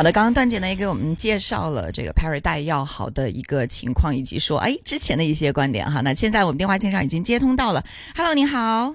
好的，剛剛段姐呢也給我們介紹了這個 Parry 大藥好的一個情況，以及說哎之前的一些觀點哈。那現在我們電話線上已經接通到了，Hello，你好。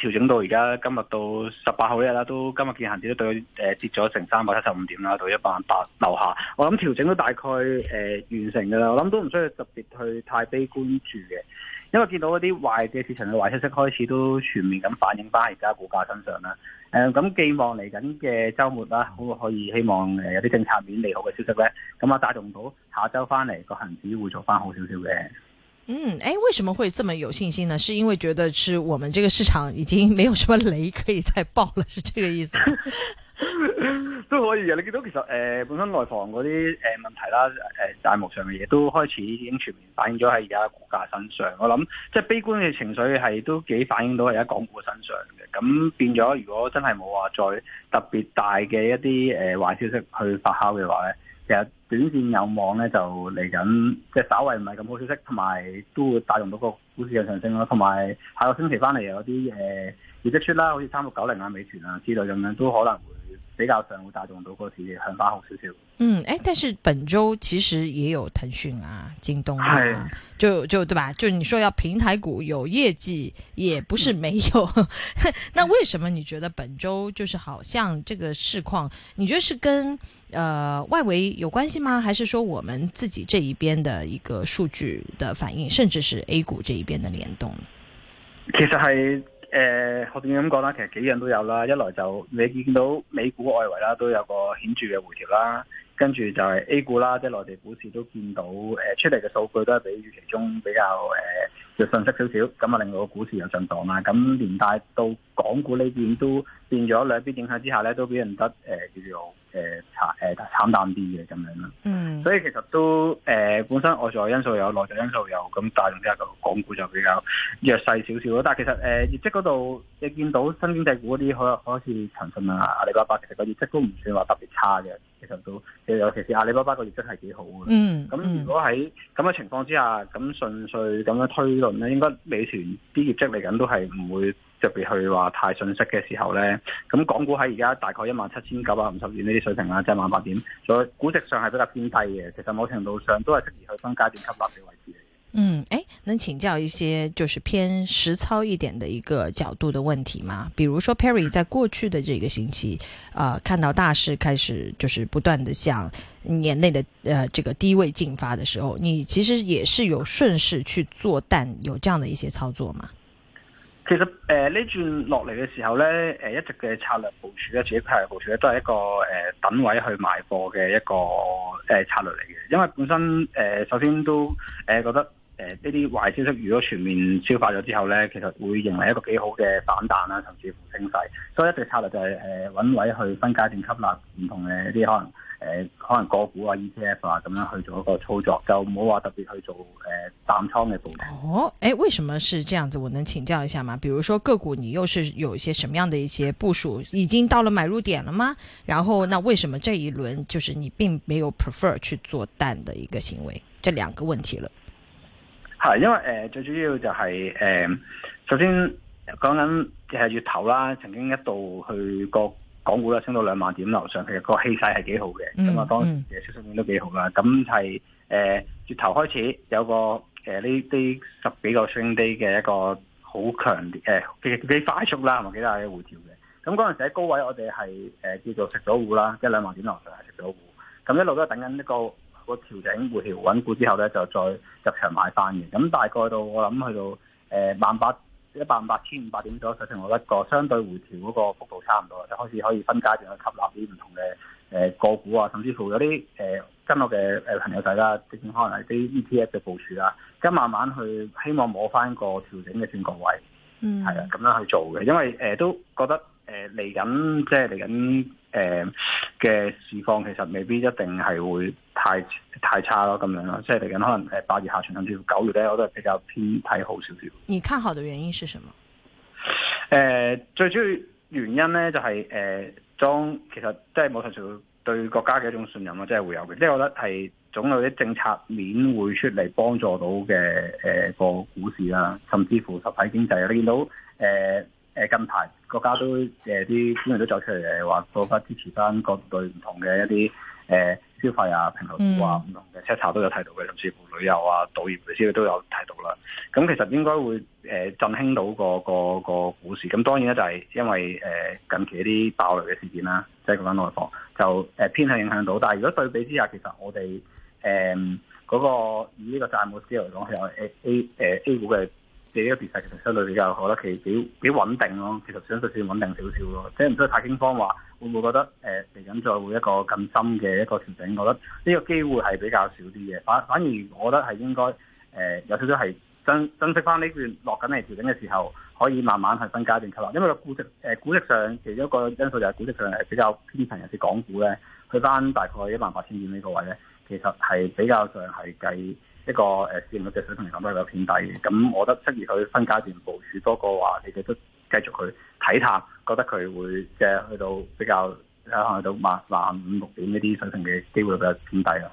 調整到而家今日到十八號呢日啦，都今日見恆指都對誒、呃、跌咗成三百七十五點啦，到一百八樓下。我諗調整都大概誒、呃、完成㗎啦，我諗都唔需要特別去太悲觀住嘅，因為見到一啲壞嘅市場嘅壞消息開始都全面咁反映翻而家股價身上啦。誒、呃、咁寄望嚟緊嘅週末啦，可可以希望誒有啲政策面利好嘅消息咧？咁啊，帶動到下週翻嚟個恆指會做翻好少少嘅。嗯，誒，為什麼會這麼有信心呢？是因為覺得是我們這個市場已經沒有什麼雷可以再爆了，是這個意思。 都可以啊。你見到其實誒、呃、本身內房嗰啲誒問題啦，誒債務上嘅嘢都開始已經全面反映咗喺而家股價身上。我諗即係悲觀嘅情緒係都幾反映到喺而家港股身上嘅。咁變咗，如果真係冇話再特別大嘅一啲誒、呃、壞消息去發酵嘅話咧。其實短線有望咧，就嚟緊，即係稍微唔係咁好消息，同埋都會帶動到個股市嘅上升咯。同埋下個星期翻嚟有啲誒、呃而家出啦，好似三六九零啊、美團啊之類咁樣，都可能會比較上會帶動到個市向翻紅少少。嗯，誒、哎，但是本周其實也有騰訊啊、京東啊，就就對吧？就你說要平台股有業績，也不是沒有。 那為什麼你覺得本周就是好像這個市況？你覺得是跟呃外圍有關係嗎？還是說我們自己這一邊的一個數據的反應，甚至是 A 股這一邊的聯動？其實係。誒、呃，學點樣講啦？其實幾樣都有啦。一來就你見到美股外圍啦，都有個顯著嘅回調啦。跟住就係 A 股啦，即係內地股市都見到、呃、出嚟嘅數據都係比預期中比較誒嘅遜色少少，咁、呃、啊令到個股市有震盪啦，咁連帶到港股呢邊都、都變咗兩邊影響之下咧，都表現得誒、呃、叫做誒慘、呃慘、呃、慘淡啲嘅咁樣啦。嗯、mm.，所以其實都誒、呃、本身外在因素有，內在因素有，咁帶動之下個港股就比較弱勢少少咯。但係其實誒、呃、業績嗰度你見到新經濟股嗰啲可可似騰訊啊、阿里巴巴其實個業績都唔算話特別差嘅。其實都，其實尤其是阿里巴巴個業績係幾好嘅。嗯、咁、嗯、如果喺咁嘅情況之下，咁順序咁樣推論咧，應該美團啲業績嚟緊都係唔會特別去話太遜色嘅時候咧。咁港股喺而家大概一萬七千九百五十點呢啲水平啦，即係萬八點，所以估值上係比較偏低嘅。其實某程度上都係適宜去分階段吸納嘅位置。嗯，誒，能請教一些就是偏實操一點的一個角度的問題嗎？比如說，Perry 在過去的這個星期，啊、呃，看到大市開始就是不斷的向年內的、呃、這個低位進發的時候，你其實也是有順勢去做淡，有這樣的一些操作嘛？其實誒呢、呃、轉落嚟嘅時候咧，誒、呃、一直嘅策略部署咧，自己的策略部署咧都係一個誒、呃、等位去賣貨嘅一個誒、呃、策略嚟嘅，因為本身誒、呃、首先都誒、呃、覺得。誒、呃，呢啲壞消息如果全面消化咗之後咧，其實會迎來一個幾好嘅反彈啦、啊，甚至乎升勢。所以一直策略就係、是、誒，揾、呃、位去分階段吸納唔同嘅一啲可能誒、呃，可能個股啊、ETF 啊咁樣去做一個操作，就唔好話特別去做誒、呃、淡倉嘅佈局。哦，誒、欸，為什麼是這樣子？我能請教一下嗎？比如說個股，你又是有一些什麼樣的一些部署？已經到了買入點了嗎？然後，那為什麼這一輪就是你並沒有 prefer 去做淡嘅一個行為？這兩個問題了。係，因為誒、呃、最主要就係、是、誒、呃，首先講緊係月頭啦，曾經一度去個港股啦升到兩萬點樓上，其實個氣勢係幾好嘅，咁啊當時嘅消息面都幾好啦。咁、嗯、係、嗯、月頭開始有個誒呢啲十幾個星 day 嘅一個好強誒幾、呃、幾快速啦同埋幾大嘅回調嘅。咁嗰陣時喺高位我們是，我哋係叫做食咗糊啦，一兩萬點樓上係食咗糊，咁一路都等緊一個。個調整回調穩固之後咧，就再入場買翻嘅。咁大概到我諗去到誒萬八一百萬八千五百點咗左右，就成我一個相對回調嗰個幅度差唔多，一開始可以分階段去吸納啲唔同嘅誒個股啊，甚至乎有啲誒跟落嘅誒朋友仔啦，即可能係啲 E T F 嘅部署啦，咁慢慢去希望摸翻個調整嘅轉角位，嗯、mm.，係啊，咁樣去做嘅，因為誒都覺得誒嚟緊即係嚟緊。誒、呃、嘅市況其實未必一定係會太太差咯，咁樣咯，即係嚟緊可能誒八月下旬甚至乎九月咧，我都係比較偏睇好少少。你看好嘅原因是什麼？誒、呃，最主要原因咧就係、是、誒，當、呃、其實即係冇頭緒，對國家嘅一種信任啊，即、就、係、是、會有嘅。即、就、係、是、我覺得係總有啲政策面會出嚟幫助到嘅誒個股市啦，甚至乎實體經濟。你見到誒。呃誒近排國家都誒啲官員都走出嚟誒話，做翻支持翻各類唔同嘅一啲誒、呃、消費啊、平臺啊、唔同嘅調查都有提到嘅，甚至乎旅遊啊、導遊嘅資料都有提到啦。咁其實應該會震、呃、振興到、個個個股市。咁當然咧就係因為誒、呃、近期一啲爆雷嘅事件啦，即係講緊內房就偏向影響到。但如果對比之下，其實我哋誒嗰個以呢個債務資料嚟講，係有 A A, A 股嘅。自己嘅時勢其實相對比較好，我覺得其實幾幾穩定咯。其實相對算穩定少少咯，即係唔需要太驚慌話，會唔會覺得誒嚟緊再會一個更深嘅一個調整？我覺得呢個機會係比較少啲嘅。反反而，我覺得係應該誒、呃、有少少係珍珍惜翻呢段落緊嚟調整嘅時候，可以慢慢去分階段吸納。因為個估值誒、呃、估值上其中一個因素就係估值上係比較偏平。尤其港股咧，去翻大概一萬八千點呢個位咧，其實係比較上係計。呢個誒市盈率嘅水平嚟講都係比較偏低嘅。咁我覺得適宜去分階段部署多過話，你哋都繼續去睇探，覺得佢會即係去到比較可能去到萬五、六點呢啲水平嘅機會比較偏低啦。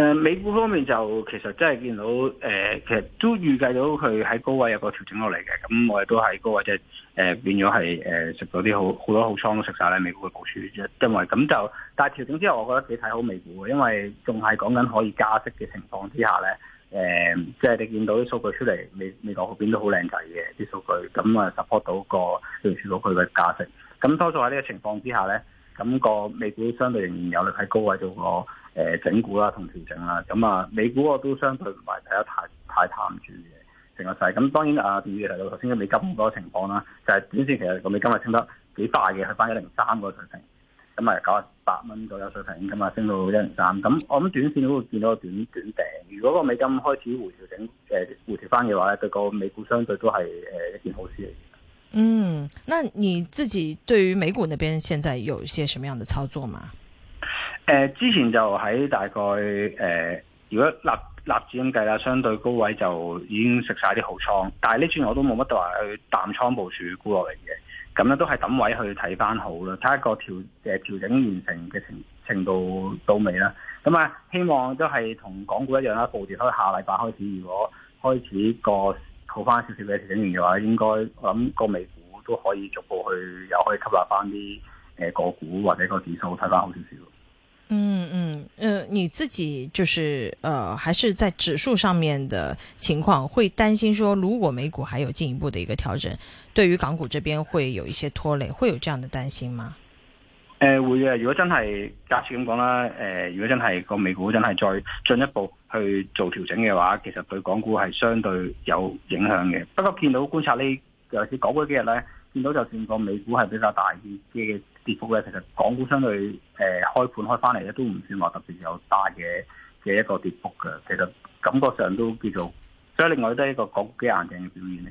誒、呃、美股方面就其實真係見到誒、呃，其實都預計到佢喺高位有個調整落嚟嘅。咁我哋都喺高位即係誒變咗係誒食咗啲好好多好倉都食曬咧，美股嘅部署啫。因為咁就，但係調整之後，我覺得幾睇好美股嘅，因為仲係講緊可以加息嘅情況之下咧。誒、呃，即、就、係、是、你見到啲數據出嚟，美美國好邊都好靚仔嘅啲數據，咁啊 support 到，個維持到佢嘅價值。咁多數喺呢個情況之下咧，咁、那個美股相對仍然有力喺高位度個。誒，整固啦，同調整啦，咁啊，美股我都相對唔係睇得太太淡住嘅，成個勢。咁當然啊，例如提到頭先嘅美金好多情況啦，就係短線其實個美金係升得幾快嘅，去翻一零三個水平，咁啊九十八蚊左右水平咁啊升到一零三。咁我諗短線都會見到個短短頂。如果個美金開始回調整，誒回調翻嘅話咧，對個美股相對都係誒一件好事嚟嘅。嗯，那你自己對於美股那邊現在有一些什麼樣的操作嗎？誒、呃，之前就喺大概誒、呃，如果立立志咁計啦，相對高位就已經食晒啲好倉，但係呢轉我都冇乜話去淡倉部署沽落嚟嘅，咁咧都係等位去睇翻好啦，睇下個調誒調整完成嘅程程度到未啦，咁啊希望都係同港股一樣啦，暴跌開下禮拜開始，如果開始個好翻少少嘅調整完嘅話，應該我諗個美股都可以逐步去又可以吸納翻啲誒個股或者個指數睇翻好少少。嗯嗯嗯、呃，你自己就是，呃，還是在指數上面的情況，會擔心說，如果美股還有進一步的一個調整，對於港股這邊會有一些拖累，會有這樣的擔心嗎？誒、呃、會啊。如果真係假設咁講啦，誒、呃，如果真係個美股真係再進一步去做調整嘅話，其實對港股係相對有影響嘅。不過見到觀察呢，尤其是港股 𠮶 幾日呢。見到就算個美股係比較大啲嘅跌幅咧，其實港股相對誒，開盤開翻嚟咧，都唔算話特別有大嘅嘅一個跌幅嘅，其實感覺上都叫做，所以另外都係一個港股幾硬淨嘅表現嚟。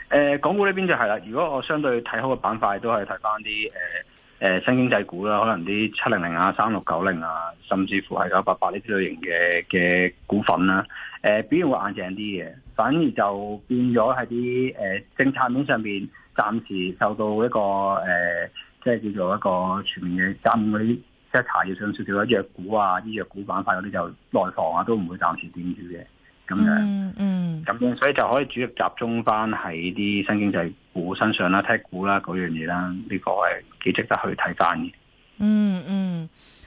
誒、呃，港股呢邊就係、是、啦。如果我相對睇好嘅板塊，都係睇返啲誒新經濟股啦，可能啲七零零啊、三六九零啊，甚至乎係九八八呢啲類型嘅嘅股份啦。誒、呃，表現會硬淨啲嘅。反而就變咗喺啲誒政策面上面暫時受到一個誒、呃，即係叫做一個全面嘅針嗰啲即係查要上少少一藥股啊、醫藥股板塊嗰啲就內房啊，都唔會暫時停住嘅。嗯嗯、就是。Mm, mm. 所以就可以主要集中翻喺啲新經濟股身上啦，Tech 股啦嗰樣嘢啦，呢個係幾值得去睇翻嘅。嗯嗯。